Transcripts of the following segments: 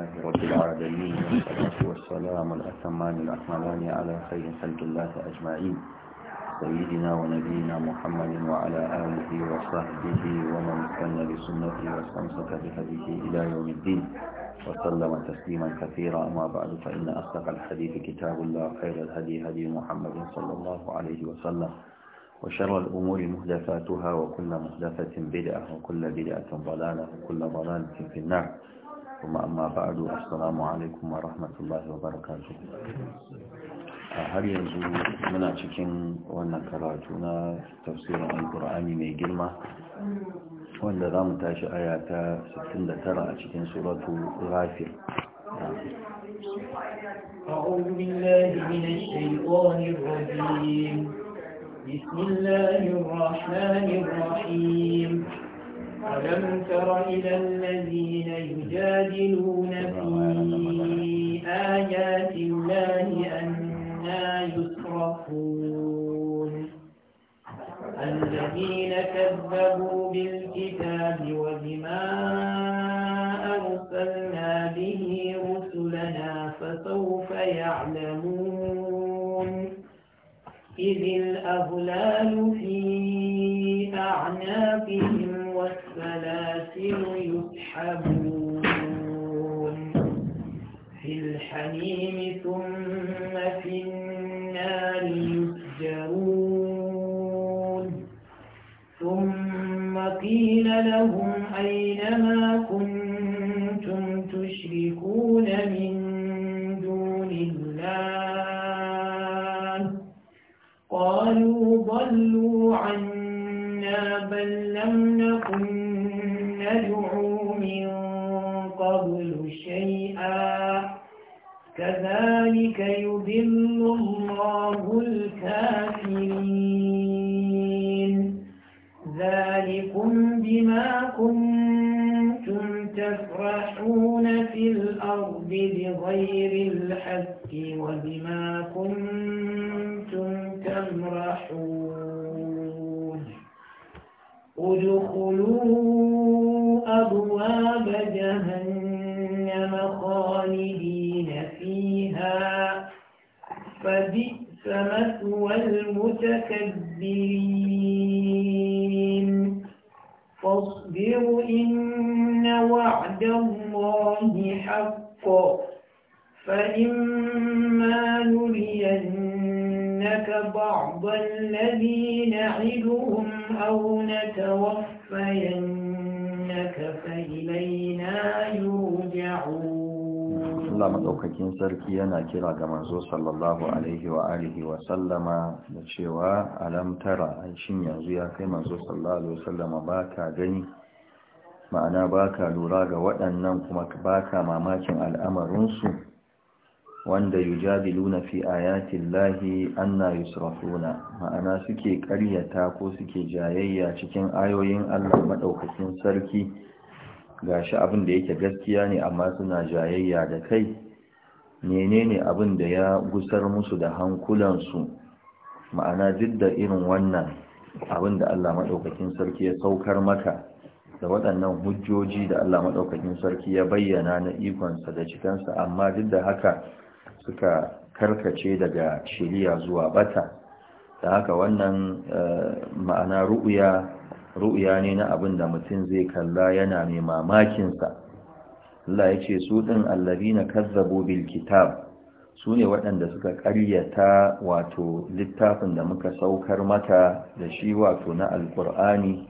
لله رب العالمين والصلاة والسلام الأتمان الأكملان على خير خلق الله أجمعين سيدنا ونبينا محمد وعلى آله وصحبه ومن كان بسنته واستمسك بهديه إلى يوم الدين وسلم تسليما كثيرا أما بعد فإن أصدق الحديث كتاب الله خير الهدي هدي محمد صلى الله عليه وسلم وشر الأمور مهدفاتها وكل مهدفة بدعة وكل بدعة ضلالة وكل ضلالة في النار ثم أما بعد السلام عليكم ورحمة الله وبركاته آه، هل ينزل من أتكين وأن كراتنا تفسير القرآن من جلمة وأن دام تاشي آيات ستين ترى أتكين سورة غافر نعم. أعوذ بالله من الشيطان الرجيم بسم الله الرحمن الرحيم ألم تر إلى الذين يجادلون في آيات الله أنا يصرفون الذين كذبوا بالكتاب وبما أرسلنا به رسلنا فسوف يعلمون إذ الأغلال في أعناقهم وسلاسل يسحبون في الحميم ثم في النار يسجرون ثم قيل لهم أين ما كنتم تشركون من دون الله قالوا وعد الله حقا فإما نرينك بعض الذي نعدهم أو نتوفينك فإلينا يرجعون Allah maɗaukakin sarki yana kira ga manzo sallallahu alaihi wa alihi wa sallama da cewa alamtara shin yanzu ya kai manzo sallallahu alaihi wa sallama ba ka gani ma'ana ba ka lura ga waɗannan kuma ba ka mamakin al'amarinsu wanda luna fi ayatin lahi anna surafuna ma'ana suke karyata ko suke jayayya cikin ayoyin Allah maɗaukakin sarki gashi abin da yake gaskiya ne amma suna jayayya da kai menene abin da ya gusar musu da hankulansu ma'ana duk da irin wannan abin da Allah maɗaukakin sarki ya saukar maka da waɗannan hujjoji da Allah maɗaukakin sarki ya bayyana na ikonsa da cikansa amma duk da haka suka karkace daga shiriya zuwa bata da haka wannan eh, ma'ana ru'uya ru'uya ne na abin da mutum zai kalla yana mai mamakinsa Allah ya ce su ɗin allabi na kazzabo bil kitab su ne waɗanda suka ƙaryata wato littafin da muka saukar mata da shi wato na alƙur'ani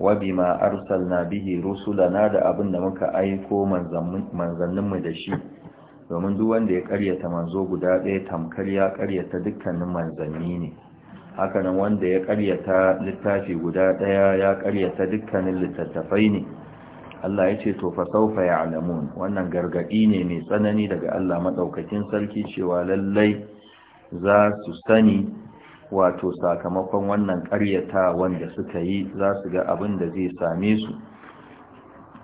wa arsal arsalna bihi rusulana da abin da muka aiko manzanninmu da shi domin duk wanda ya karyata manzo guda ɗaya tamkar ya karyata dukkanin manzanni ne hakanan wanda ya karyata littafi guda ɗaya ya karyata dukkanin littattafai ne Allah ya ce to fa sawfa ya'lamun wannan gargadi ne mai tsanani daga Allah madaukakin sarki cewa lallai za su sani wato sakamakon wannan ƙaryata wanda suka yi za su ga abin da zai same su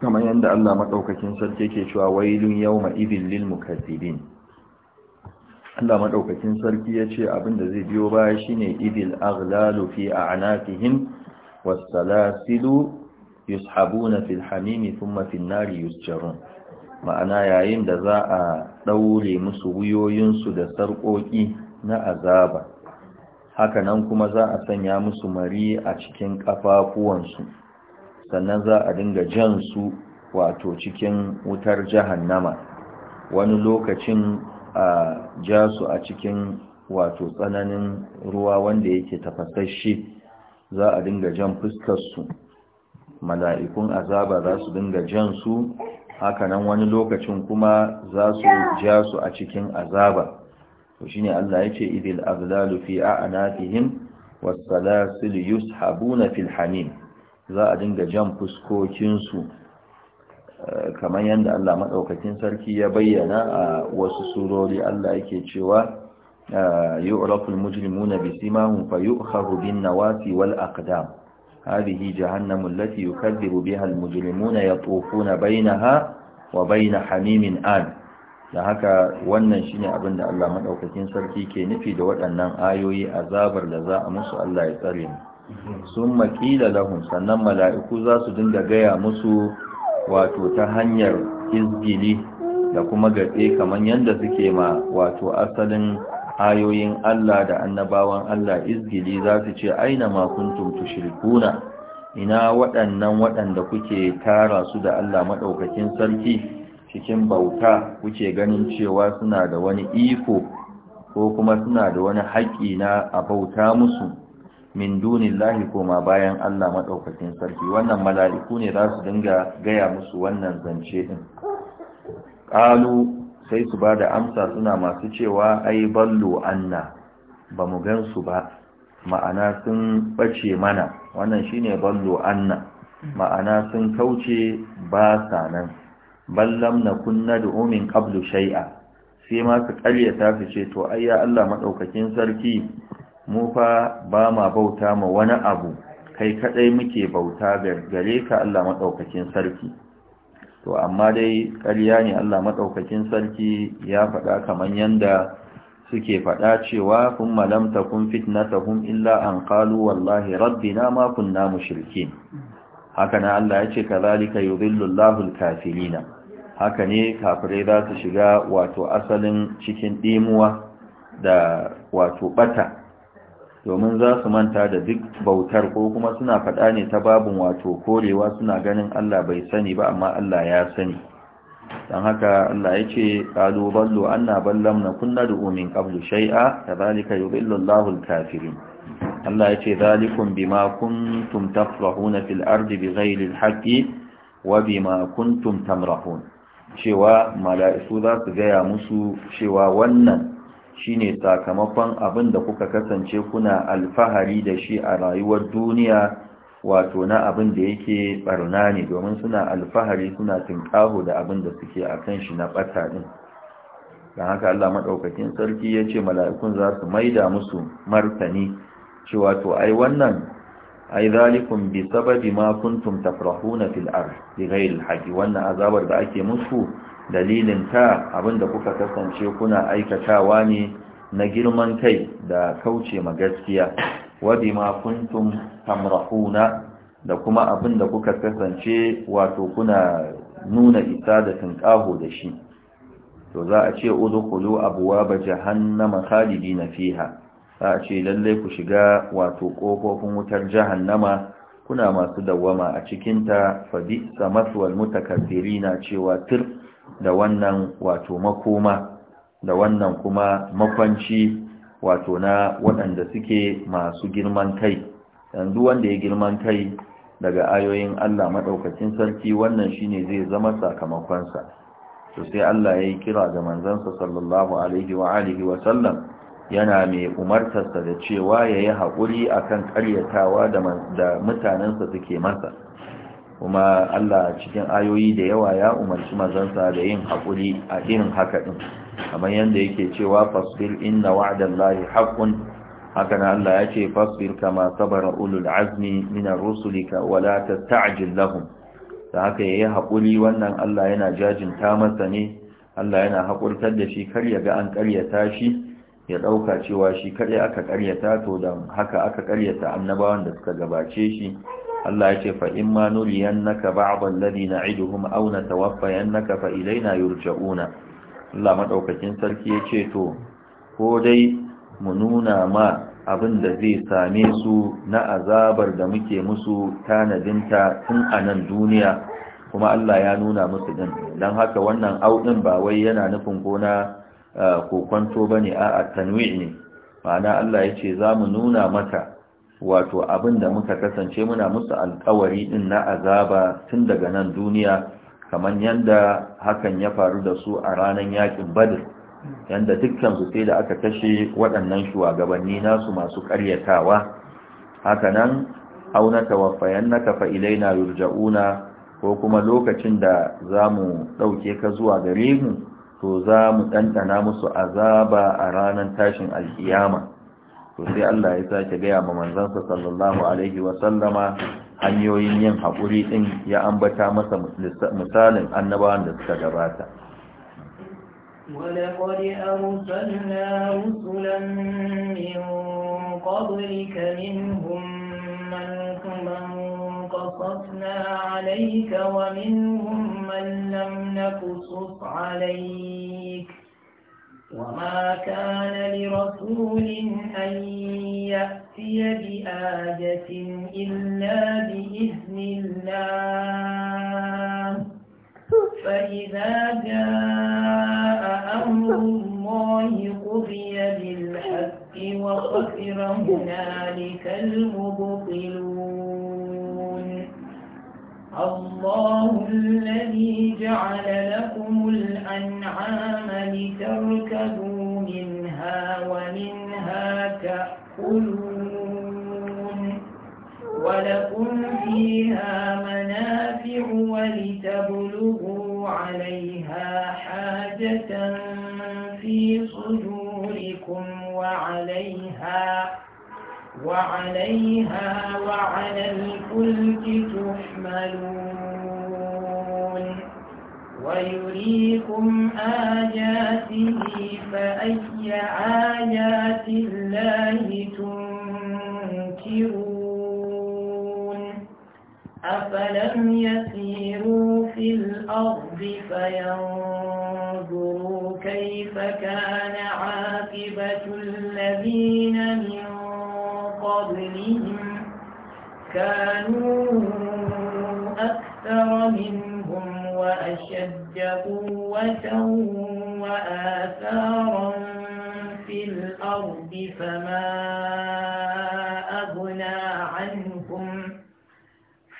kamar yadda Allah maɗaukakin sarki ke cewa wailun yau idin lil mukazzibin Allah maɗaukakin sarki ya ce abin da zai biyo baya shine idil aghlalu fi a'naqihim was-salasilu yushabuna na hamimi thumma fil nari yusjarun ma'ana yayin da za a ɗaure musu wuyoyinsu da sarƙoƙi na azaba hakanan kuma za a sanya musu mari a cikin ƙafafuwansu sannan za a dinga jan su wato cikin wutar jahannama wani lokacin a ja su a cikin wato tsananin ruwa wanda yake tafasashe za a dinga jan fuskarsu mala'ikun azaba za su dinga jan su hakanan wani lokacin kuma za su ja su a cikin azaba Shin Allah ya ce idil abdalu fi a'anatihim wassalasil yushabuna fil hamim za a dinga jan fuskokinsu eh, kamar yadda Allah madaukakin sarki ya bayyana a wasu surori Allah yake cewa ah, yu'rafu al mujrimuna bi simahum fa yu'khadhu bin nawasi wal aqdam hadhihi jahannam allati yukadhibu biha al mujrimuna yatufuna ha! wa bain hamimin an da haka wannan shine abin da Allah madaukakin sarki ke nufi da waɗannan ayoyi azabar da za a musu Allah ya tsare mu sun maƙila lahun sannan mala'iku za su dinga gaya musu wato ta hanyar izgili da kuma gatse kamar yadda suke ma wato asalin ayoyin Allah da annabawan Allah izgili za su ce aina makuntum shirkuna, ina waɗannan waɗanda kuke tara su da Allah maɗaukakin sarki cikin bauta kuke ganin cewa suna da wani iko ko kuma suna da wani haƙƙi na a bauta musu min dunillahi koma bayan Allah maɗaukacin sarki wannan mala'iku ne za su dinga gaya musu wannan zance ɗin ƙalu sai su ba da amsa suna masu cewa ai ballo anna ba mu gan su ba ma'ana sun ɓace mana wannan shine ballo anna ma'ana sun kauce ba sa nan Ballam na kunna da min qablu Shai'a. sai ma ka karya ta ce to ayya Allah maɗaukakin sarki mu fa ba ma bauta ma wani abu kai kadai muke bauta gare ka Allah maɗaukakin sarki to amma dai karya ne Allah maɗaukakin sarki ya faɗa kamar yanda suke faɗa cewa kun malamta kun fitnatahum illa an qalu wallahi na ma kunna mushrikin haka na Allah ya ce kazalika yudhillu Allahu al-kafirina haka ne kafirai za su shiga wato asalin cikin ɗimuwa da wato ɓata domin za su manta da duk bautar ko kuma suna faɗa ne ta babin wato korewa suna ganin Allah bai sani ba amma Allah ya sani don haka Allah ya ce ƙalu ballo anna ballam na kunna da umin ƙablu shai'a da zalika yi billon kafirin Allah ya ce zalikun bima kuntum tafrahuna fil ardi bi ghairil haqqi wa bima kuntum tamrahun cewa mala'isu za su gaya musu cewa wannan shine sakamakon abin da kuka kasance kuna alfahari da shi a rayuwar duniya wato na abin da yake barna ne domin suna alfahari suna tinkaho da abin da suke a kan shi na ɓata ɗin don haka Allah maɗaukakin sarki ya ce mala'ikun za su maida musu martani cewa to ai wannan ai zalikum bi sababi ma kuntum tafrahuna fil ard bi ghayri al wannan azabar da ake musu dalilin ta abinda kuka kasance kuna aikatawa ne na girman kai da kauce ma gaskiya wa bima kuntum tamrahuna da kuma abinda kuka kasance wato kuna nuna isa da tunƙaho da shi to za a ce udkhulu abwaaba jahannama khalidina fiha a ce lalle ku shiga wato kofofin wutar jahannama kuna masu dawwama a cikinta fa bi samaswal mutakabbirina cewa tir da wannan wato makoma da wannan kuma makwanci wato na waɗanda suke masu girman kai yanzu wanda ya girman kai daga ayoyin Allah maɗaukacin sarki wannan shine zai zama sakamakonsa to sai Allah ya yi kira ga manzansa sallallahu alaihi wa alihi wa sallam yana mai umartarsa da cewa ya yi haƙuri a kan ƙaryatawa da mutanensa suke masa kuma Allah cikin ayoyi da yawa ya umarci mazansa da yin haƙuri a irin haka ɗin kamar yadda yake cewa fasfil inna wa'adar lahi haƙun haka na Allah ya ce fasfir kama sabara ulul azmi mina rusulika wala ta ta'ajin lahun da haka ya yi haƙuri wannan Allah yana jajin ta masa ne Allah yana haƙurtar da shi kar ya ga an ƙaryata shi ya ɗauka cewa shi kaɗai aka ƙaryata to da haka aka ƙaryata annabawan da suka gabace shi Allah ya ce naka ba ma na ido kuma auna aw natawaffayannaka fa na yurja'una Allah maɗaukakin sarki ya ce to ko dai mu nuna ma abin da zai same su na azabar da muke musu tanadinta tun a nan duniya kuma Allah ya nuna musu din don haka wannan au din ba wai yana nufin ko na Ko kwanto bane a tanwi ne ma'ana Allah yace ce za mu nuna maka wato abinda muka kasance muna musu alkawari din na azaba tun daga nan duniya kamar yadda hakan ya faru da su a ranar yakin badr yadda dukkan su sai da aka kashe waɗannan shugabanni nasu masu ƙaryatawa hakanan auna tawaffayannaka fa ilaina yurja'una ko kuma lokacin da zamu ɗauke ka zuwa gare mu to za mu ɗanɗana musu azaba a ranar tashin alkiyama to sai Allah ya sake gaya ma manzansa sallallahu alaihi sallama hanyoyin yin haƙuri ɗin ya ambata masa misalin annabawan da suka gabata ولقد أرسلنا رسلا من قبلك منهم من قصصنا عليك ومنهم من لم نقصص عليك وما كان لرسول أن يأتي بآية إلا بإذن الله فإذا جاء أمر الله قضي بالحق وخسر هنالك المبطلون الله الذي جعل لكم الأنعام لتركبوا منها ومنها تأكلون ولكم فيها منافع ولتبلغوا عليها حاجة وعليها وعلى الفلك تحملون ويريكم آياته فأي آيات الله تنكرون أفلم يسيروا في الأرض فينظروا كيف كان عاقبة الذين من كانوا أكثر منهم وأشد قوة وآثارا في الأرض فما أغنى عنهم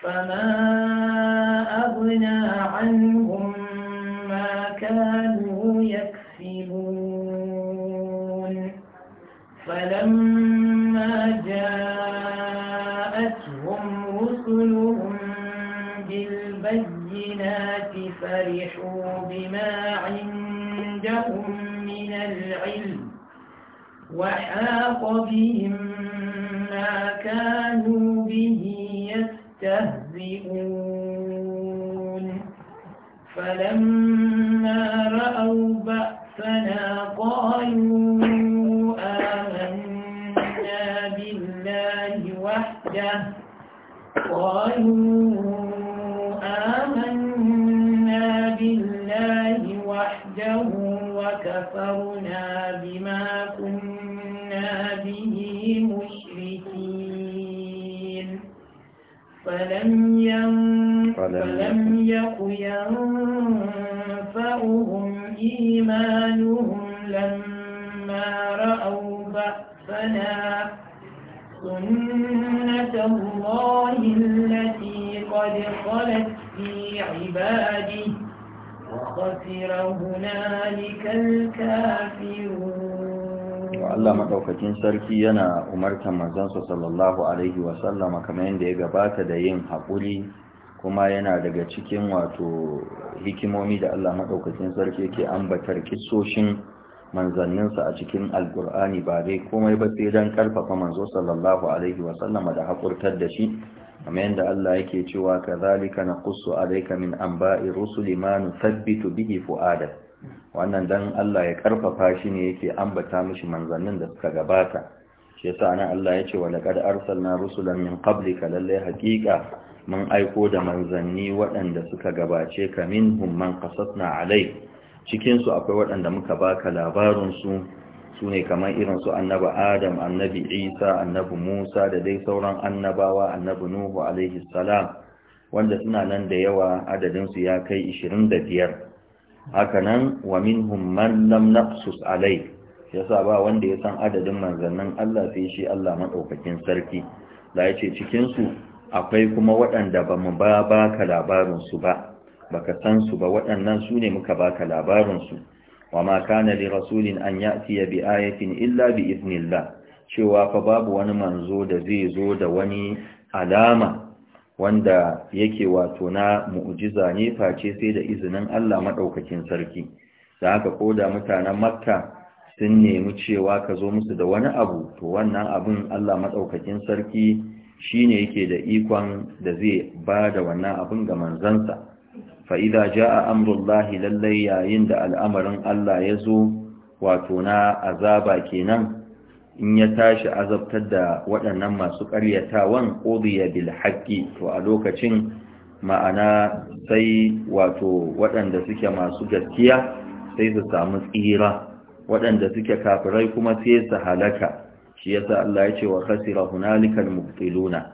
فما أغنى عنهم وحاق بهم ما كانوا به يستهزئون فلما رأوا بأسنا قالوا آمنا بالله وحده قالوا عباده وخسر هنالك الكافرون Allah madaukakin sarki yana umartar manzansa sallallahu alaihi wa sallama kamar yadda ya gabata da yin haƙuri kuma yana daga cikin wato hikimomi da Allah madaukakin sarki yake ambatar kissoshin manzanninsa a cikin alkur'ani ba dai komai ba sai don karfafa manzo sallallahu alaihi sallama da haƙurtar da shi kamar yadda Allah yake cewa kazalika naqussu alayka min anba'i rusuli ma nuthabbitu bihi fu'adak wannan dan Allah ya karfafa shi ne yake ambata mashi manzannin da suka gabata shi yasa nan Allah ya ce wa laqad arsalna rusulan min qablika lallai haƙiƙa mun aiko da manzanni waɗanda suka gabace ka minhum man na alai cikinsu akwai waɗanda muka baka labarin su su ne kamar irin su annaba adam annabi isa annabi musa da dai sauran annabawa annabi nuhu alaihi salam wanda suna nan da yawa adadinsu ya kai 25 haka nan wa minhum man lam naqsus alai yasa ba wanda ya san adadin manzannin Allah sai shi Allah madaukakin sarki da yace cikin su akwai kuma waɗanda ba mu ba baka labarin su ba baka san su ba waɗannan su ne muka baka labarin su وما كان لرسول أن يأتي بآية إلا بإذن الله cewa fa babu wani manzo da zai zo da wani alama wanda yake wato na mu'jiza ne face sai da izinin Allah madaukakin sarki da haka koda mutanen Makka sun nemi cewa ka zo musu da wani abu to wannan abin Allah madaukakin sarki shine yake da ikon da zai ba da wannan abin ga manzansa fa'ida ja a amurullahi lallai yayin da al'amarin Allah ya zo wato na azaba kenan in ya tashi azabtar da waɗannan masu ƙaryatawan ƙodiya bil haƙƙi to a lokacin ma'ana sai wato waɗanda suke masu gaskiya sai su samu tsira waɗanda suke kafirai kuma sai su halaka shi yasa Allah ya ce wa khasira hunalikal mubtiluna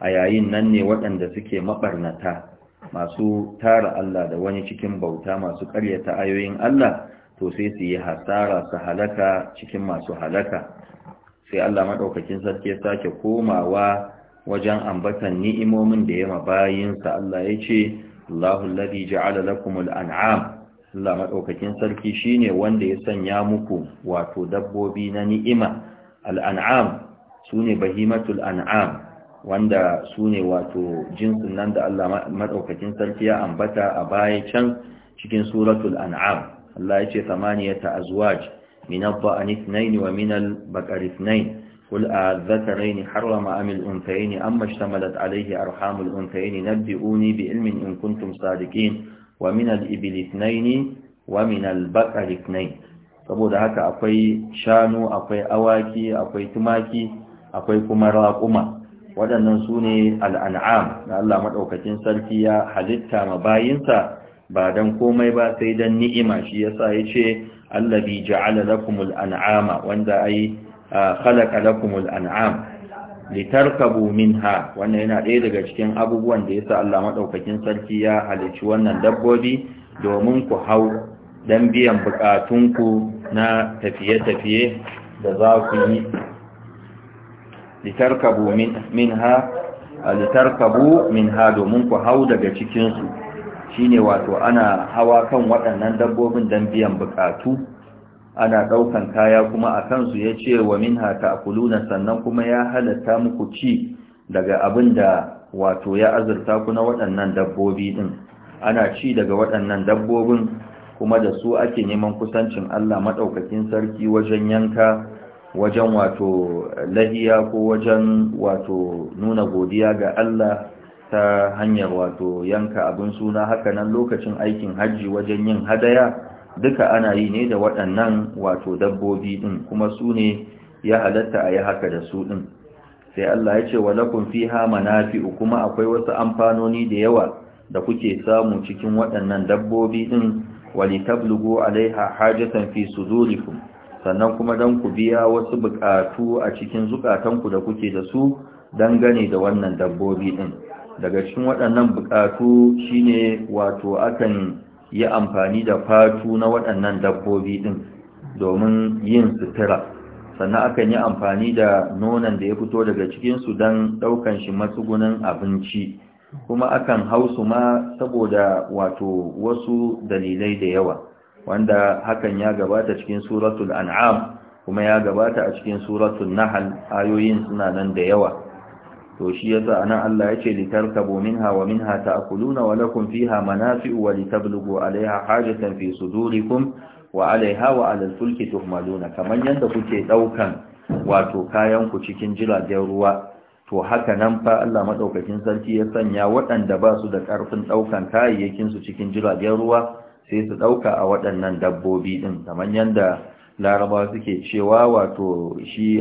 a yayin nan ne waɗanda suke mabarnata masu tara Allah da wani cikin bauta masu ƙaryata ayoyin Allah to sai su yi hasara su halaka cikin masu halaka sai Allah madaukakin sarki ya sake komawa wajen ambatan ni'imomin da ma bayinsa Allah ya ce Allahu alladhi ja'ala lakumul an'am Allah madaukakin sarki shine wanda ya sanya muku wato dabbobi na ni'ima al-an'am sune bahimatul an'am wanda su ne wato jinsin nan da Allah maɗaukacin sarki ya ambata a baya can cikin suratul an'am Allah ya ce samaniyata azwaj min abba anithnayn wa min al-baqar raini, qul a'adhakarayn harrama am al-unthayayn amma ishtamalat alayhi arham al nabbi'uni bi ilmin in kuntum sadiqin wa min al-ibil ithnayn wa min al-baqar ithnayn saboda haka akwai shanu akwai awaki akwai tumaki akwai kuma raƙuma waɗannan su ne al'an'am da Allah maɗaukacin sarki ya halitta ma bayinsa ba don komai ba sai don ni'ima shi ya sa ya ce allabi ja'ala lakumul an'ama wanda ai halaka lakumul an'am min ha wanda yana ɗaya daga cikin abubuwan da ya sa Allah maɗaukakin sarki ya halicci wannan dabbobi domin ku hau don biyan buƙatunku na tafiye-tafiye da za ku yi litarkabu minha litarkabu minha domin ku hau daga cikin su shine wato ana hawa kan waɗannan dabbobin dan biyan bukatu ana ɗaukan kaya kuma a kansu ya ce wa minha ta'kuluna sannan kuma ya halatta muku ci daga abinda wato ya azurta ku na waɗannan dabbobi din ana ci daga waɗannan dabbobin kuma da su ake neman kusancin Allah madaukakin sarki wajen yanka wajen wato lahiya ko wajen wato nuna godiya ga Allah ta hanyar wato yanka abin suna haka nan lokacin aikin hajji wajen yin hadaya duka ana yi ne da waɗannan wato dabbobi ɗin kuma su ne ya halatta a yi haka da su ɗin sai Allah ya ce wa lakum fiha manafi'u kuma akwai wasu amfanoni da yawa da kuke samu cikin waɗannan dabbobi ɗin Wali tablugo alaiha hajatan fi sudurikum sannan kuma don ku biya wasu bukatu a cikin zukatanku da kuke da su don dangane da wannan dabbobi ɗin, daga cikin waɗannan bukatu shine wato akan yi amfani da fatu na waɗannan dabbobi ɗin domin yin sutura sannan akan yi amfani da nonon da ya fito daga cikinsu don ɗaukan shi matsugunin abinci kuma akan hausu ma saboda wato wasu dalilai da yawa wanda hakan ya gabata cikin suratul an'am kuma ya gabata a cikin suratul nahl ayoyin suna nan da yawa to shi yasa nan Allah yace litarkabu minha wa minha ta'kuluna wa lakum fiha manafi'u wa litablughu 'alayha hajatan fi sudurikum wa 'alayha wa 'alal fulki tuhmaluna kaman yanda kuke daukan wato kayan ku cikin jiragen ruwa to haka nan fa Allah madaukakin sarki ya sanya waɗanda ba su da ƙarfin daukan kayayyakin su cikin jiragen ruwa sai su ɗauka a waɗannan dabbobi ɗin kamar yadda laraba suke cewa wato shi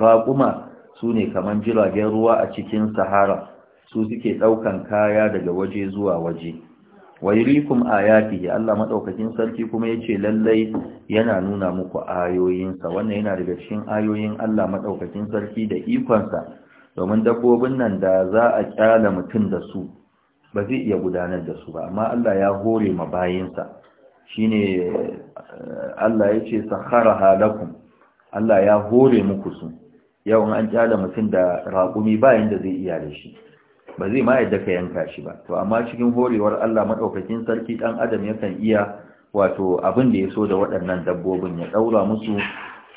raƙuma su ne kamar jiragen ruwa a cikin sahara su suke ɗaukan kaya daga waje zuwa waje wairikum ayatihi Allah madaukakin sarki kuma yace lallai yana nuna muku ayoyinsa wannan yana daga cikin ayoyin Allah madaukakin sarki da ikonsa domin dabbobin nan da za a kyala mutum da su ba zai iya gudanar da su ba amma Allah ya hore ma bayinsa shine eh, Allah ya ce sakharaha lakum Allah ya hore muku su yawan an kyala mutum da raƙumi bayan da zai iya da shi ba zai ma yadda ka yanka shi ba to amma cikin horewar Allah madaukakin sarki dan adam yakan iya wato abin da ya so da waɗannan dabbobin ya daura musu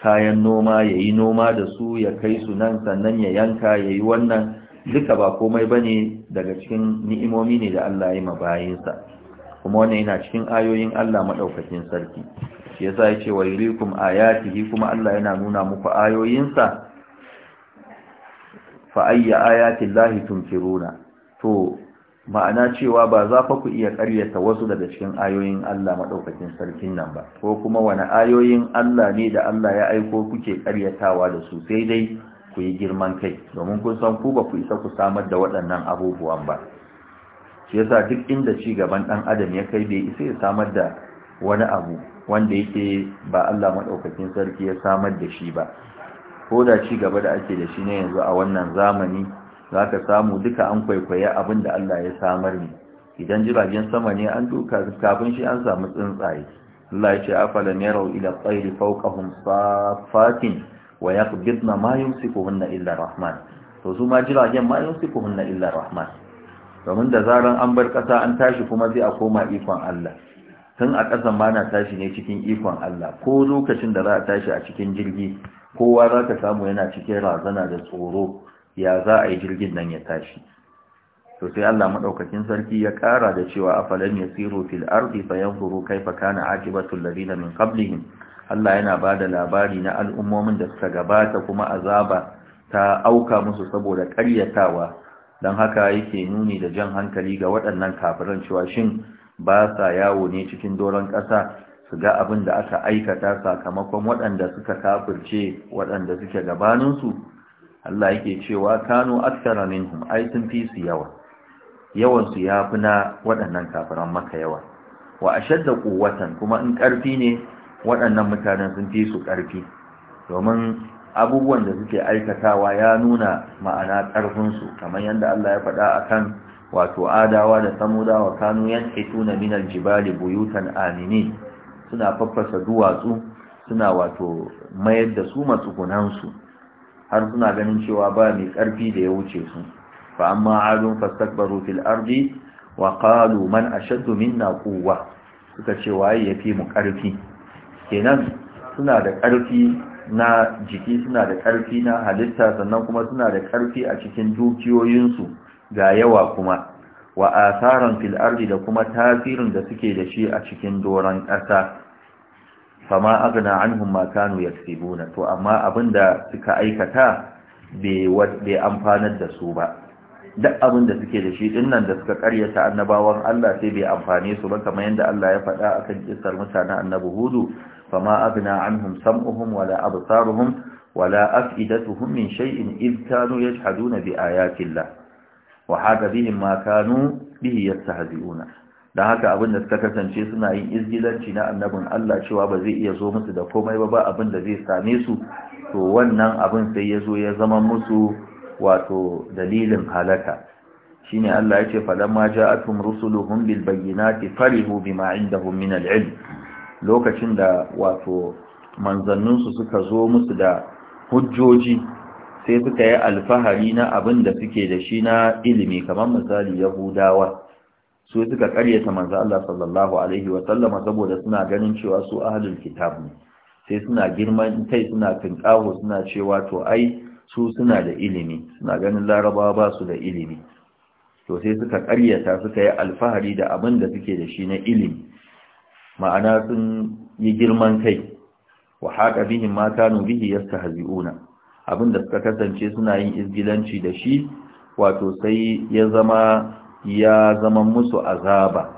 kayan noma yayi noma da su ya kai su nan sannan ya yanka yayi wannan duka ba komai bane daga cikin ni'imomi ne da Allah ya mabayinsa kuma wannan yana cikin ayoyin Allah madaukakin sarki shi yasa yace wa yurikum ayatihi kuma Allah yana nuna muku ayoyinsa fa ayya ayati llahi tunkiruna to ma'ana cewa ba za fa ku iya ƙaryata wasu daga cikin ayoyin Allah madaukakin sarkin nan ba ko kuma wani ayoyin Allah ne da Allah ya aiko kuke ƙaryatawa da su sai dai ku yi girman kai domin kun san ku ba ku isa ku samar da waɗannan abubuwan ba shi yasa duk inda ci gaban ɗan adam ya kai bai isa ya samar da wani abu wanda yake ba Allah maɗaukakin sarki ya samar da shi ba ko da ci gaba da ake da shi ne yanzu a wannan zamani za ka samu duka an kwaikwaye abin da Allah ya samar ne idan jiragen sama ne an duka kafin shi an samu tsuntsaye Allah ya ce afalan yarau ila tsairi fawqahum safatin wa yaqbidna ma yumsikuhunna illa rahman to su ma jiragen ma yumsikuhunna illa rahman domin da zaran an bar ƙasa an tashi kuma zai a koma ikon Allah tun a ƙasan bana na tashi ne cikin ikon Allah ko lokacin da za a tashi a cikin jirgi kowa za ka samu yana cikin razana da tsoro ya za a yi jirgin nan ya tashi to sai Allah maɗaukakin sarki ya kara da cewa afalan yasiru fil ardi fayanzuru kaifa kana ajibatul ladina min qablihim Allah yana ba da labari na al'ummomin da suka gabata kuma azaba ta auka musu saboda ƙaryatawa don haka yake nuni da jan hankali ga waɗannan kafiran cewa shin ba sa yawo ne cikin doron ƙasa su ga abin da aka aikata sakamakon waɗanda suka kafirce waɗanda suke gabaninsu Allah yake cewa Kano aksara minhum ai sun fi su yawa yawansu ya fi na waɗannan kafiran maka yawa wa shadda quwwatan kuma in ƙarfi ne waɗannan mutanen sun fi su ƙarfi domin abubuwan da suke aikatawa ya nuna ma'ana ƙarfinsu kamar yadda Allah ya faɗa a kan wato adawa da samudawa kanu yan tuna minal jibali buyutan amini suna faffasa duwatsu suna wato mayar da su matsugunansu har suna ganin cewa ba mai ƙarfi da ya wuce su fa amma adun fastakbaru fil ardi wa qalu man ashaddu minna quwwa suka ce waye yafi mu ƙarfi kenan suna da ƙarfi na jiki suna da ƙarfi na halitta sannan kuma suna da ƙarfi a cikin dukiyoyinsu ga yawa kuma wa asaran fil ardi da kuma tasirin da suke da shi a cikin doron ƙasa fama agna anhum ma kanu yaksibuna to amma abinda suka aikata bai amfanar da su ba duk abin da suke da shi dinnan da suka karyata annabawan Allah sai bai amfane su ba kamar yadda Allah ya faɗa akan kisar mutanen annabi Hudu فما أغنى عنهم سمعهم ولا أبصارهم ولا أفئدتهم من شيء إذ كانوا يجحدون بآيات الله وحاك بهم ما كانوا به يستهزئون da haka abin da suka kasance suna yin izgilanci na annabin Allah cewa ba zai iya zo musu da komai ba ba abin da zai same su to wannan abin sai ya zo ya zama musu wato dalilin halaka shine Allah ya ce falamma ja'atuhum rusuluhum bil bayyinati farihu bima indahum min al-ilm lokacin da wato manzanninsu suka zo musu da hujjoji sai suka yi alfahari na abin da suke da shi na ilimi kamar misali yahudawa su suka karyata manzo Allah sallallahu alaihi wa sallama saboda suna ganin cewa su ahlul kitab ne sai suna girman kai suna tinkaho suna cewa to ai su suna da ilimi suna ganin larabawa ba su da ilimi to sai suka karyata suka yi alfahari da abin da suke da shi na ilimi ma'ana sun yi girman kai wa haƙa bihin ma kanu bihi Abin abinda suka kasance suna yin izgilanci da shi wato sai ya zama ya zama musu azaba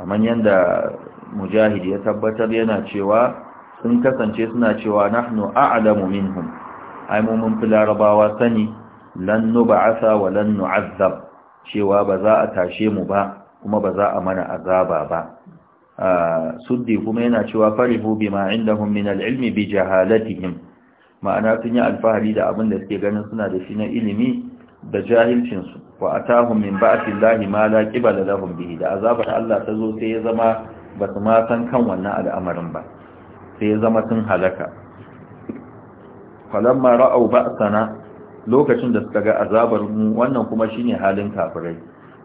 kamar yanda mujahid ya tabbatar yana cewa sun kasance suna cewa nahnu a'lamu minhum ai mu mun larabawa sani lan nub'asa wa lan nu'azzab cewa ba za a tashe mu ba kuma ba za a mana azaba ba suddi kuma yana cewa farihu bima indahum min al-ilmi bi jahalatihim ma'ana sun yi alfahari da abin da suke ganin suna da shi na ilimi da jahilcin su wa atahum min ba'tillahi ma la qibala lahum bihi da azabar Allah ta zo sai ya zama ba su ma san kan wannan al'amarin ba sai ya zama sun halaka falamma ra'au ba'sana lokacin da suka ga azabar mu wannan kuma shine halin kafirai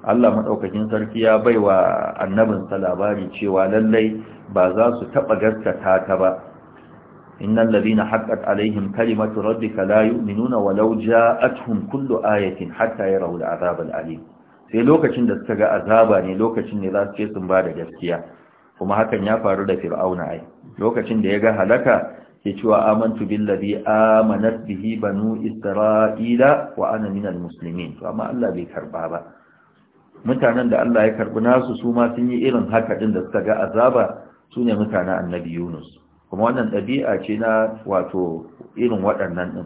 Allah maɗaukakin sarki ya bai wa annabinsa labari cewa lallai ba za su taɓa gaskata ta ba innan labina haƙat alaihim kalimatu rabbika la yu'minuna walau ja'atuhum kullu ayatin hatta yarawu al'azab al'alim sai lokacin da suka ga azaba ne lokacin ne za su ce sun ba da gaskiya kuma hakan ya faru da fir'auna ai lokacin da ya ga halaka ke cewa amantu billazi amanat bihi banu isra'ila wa ana minal to amma Allah bai karɓa ba mutanen da Allah ya karbi nasu su ma sun yi irin haka din da suka ga azaba su ne mutanen annabi Yunus kuma wannan ɗabi'a ce na wato irin waɗannan ɗin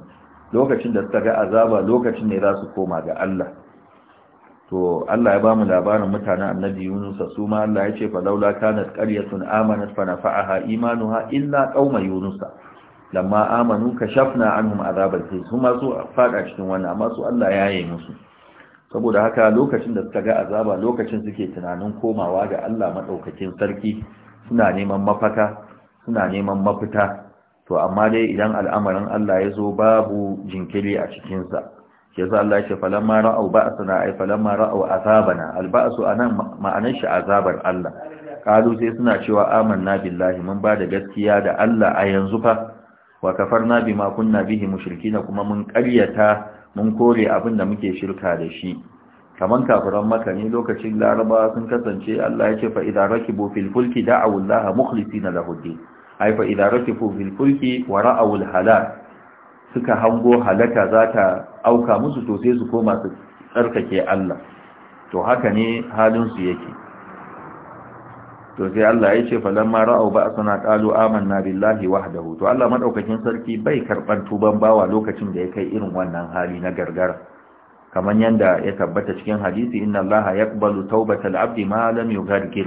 lokacin da suka ga azaba lokacin ne za su koma ga Allah to Allah ya bamu labarin mutanen annabi Yunus su ma Allah ya ce fa laula kanat qaryatun amanat fa nafa'aha imanuha illa qauma Yunus lamma amanu kashafna anhum azabal khiz kuma su faɗa cikin wannan amma su Allah ya yi musu saboda haka lokacin da suka ga azaba lokacin suke tunanin komawa ga Allah madaukakin sarki suna neman mafaka suna neman mafita to amma dai idan al'amarin Allah ya zo babu jinkiri a cikinsa. sa shi Allah ya ce falamma ra'au ba'sana ai falamma ra'au azabana alba'su anan ma'anar shi azabar Allah kalu sai suna cewa amanna billahi mun bada gaskiya da Allah a yanzu fa wa kafarna bima kunna bihi mushrikina kuma mun ƙaryata mun kore abin da muke shirka da shi kaman kafiran maka ne lokacin laraba sun kasance Allah ya ce fa idan rakibu fil fulki da'u Allah mukhlisina lahu din ai fa idan rakibu fil fulki wa ra'u al halal suka hango halaka zata auka musu to sai su koma su tsarkake Allah to haka ne halin su yake to sai Allah ya ce falamma ra'au suna qalu amanna billahi wahdahu to Allah madaukakin sarki bai karban tuban bawa lokacin da ya kai irin wannan hali na gargara kaman yanda ya tabbata cikin hadisi inna Allaha yaqbalu tawbatal abdi ma lam yughargir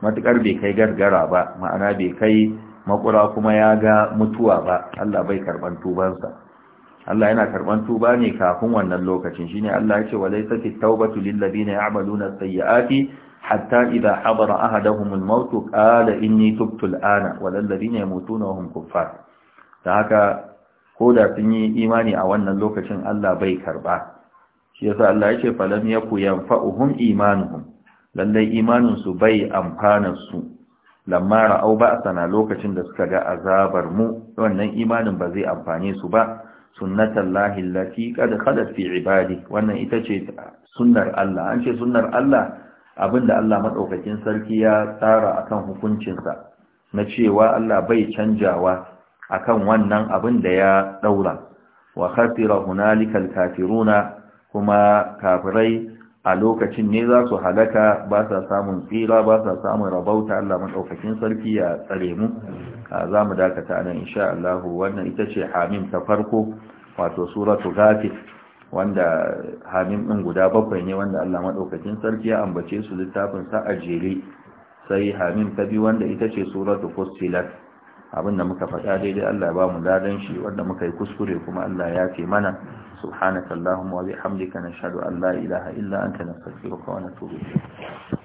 matukar bai kai gargara ba ma'ana bai kai makura kuma ya ga mutuwa ba Allah bai karban tubansa Allah yana karban tuba ne kafin wannan lokacin shine Allah ya ce walaysati tawbatu lil ladina ya'maluna sayyi'ati hatta idza habara ahaduhum al-maut qala inni tubtu al-ana walal ladina yamutuna hum kuffar da haka ko da sun yi imani a wannan lokacin Allah bai karba shi yasa Allah yake ya yaku yanfa'uhum imanuhum lallai imanin su bai amfana su lamma ra'au ba'sana lokacin da suka ga azabar mu wannan imanin ba zai amfane su ba sunnatullahi allati qad khalat fi ibadi wannan ita ce sunnar Allah an ce sunnar Allah abinda Allah maɗaukakin sarki ya tsara akan hukuncinsa na cewa Allah bai canjawa akan wannan abin da ya daura wa khasira hunalikal kafiruna kuma kafirai a lokacin ne za su halaka ba sa samun tsira ba sa samun rabauta Allah maɗaukakin sarki ya tsare mu za mu dakata nan insha Allah wannan ita ce hamim ta farko wato suratu ghafir wanda hamim ɗin guda bakwai ne wanda Allah maɗaukacin sarki ya ambace su littafin sa a jere sai hamim ta bi wanda ita ce suratu Abin da muka faɗa daidai Allah ya ba mu ladan shi wanda muka yi kuskure kuma Allah ya ce mana subhanakallahumma wa bihamdika nashhadu an la ilaha illa anta nastaghfiruka wa natubu ilayk